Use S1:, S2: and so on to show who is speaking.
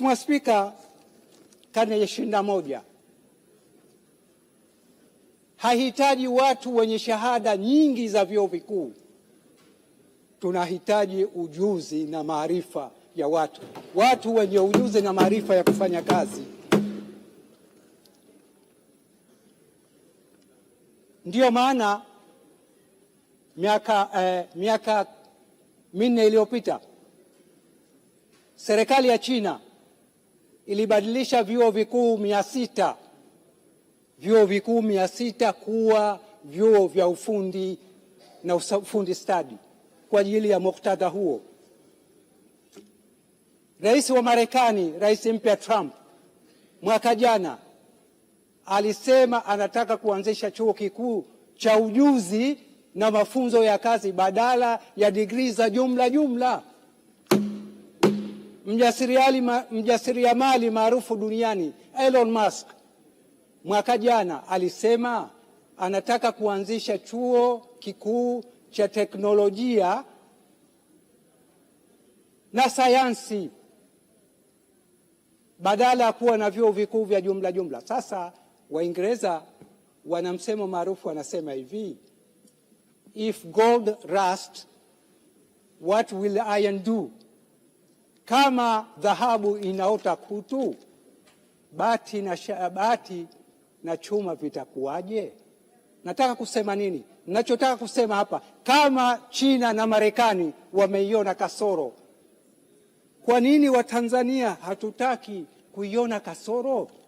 S1: Mheshimiwa Spika, karne ya ishirini na moja hahitaji watu wenye shahada nyingi za vyuo vikuu, tunahitaji ujuzi na maarifa ya watu, watu wenye ujuzi na maarifa ya kufanya kazi. Ndiyo maana miaka, eh, miaka minne iliyopita serikali ya China ilibadilisha vyuo vikuu mia sita vyuo vikuu mia sita kuwa vyuo vya ufundi na ufundi stadi kwa ajili ya muktadha huo. Rais wa Marekani, rais mpya Trump, mwaka jana alisema anataka kuanzisha chuo kikuu cha ujuzi na mafunzo ya kazi badala ya digrii za jumla jumla mjasiriamali maarufu duniani Elon Musk mwaka jana alisema anataka kuanzisha chuo kikuu cha teknolojia na sayansi badala ya kuwa na vyuo vikuu vya jumla jumla. Sasa Waingereza wana msemo maarufu wanasema hivi, if gold rust what will iron do? Kama dhahabu inaota kutu, bati na, shabati na chuma vitakuwaje? Nataka kusema nini? Nachotaka kusema hapa, kama China na Marekani wameiona kasoro, kwa nini Watanzania hatutaki kuiona kasoro?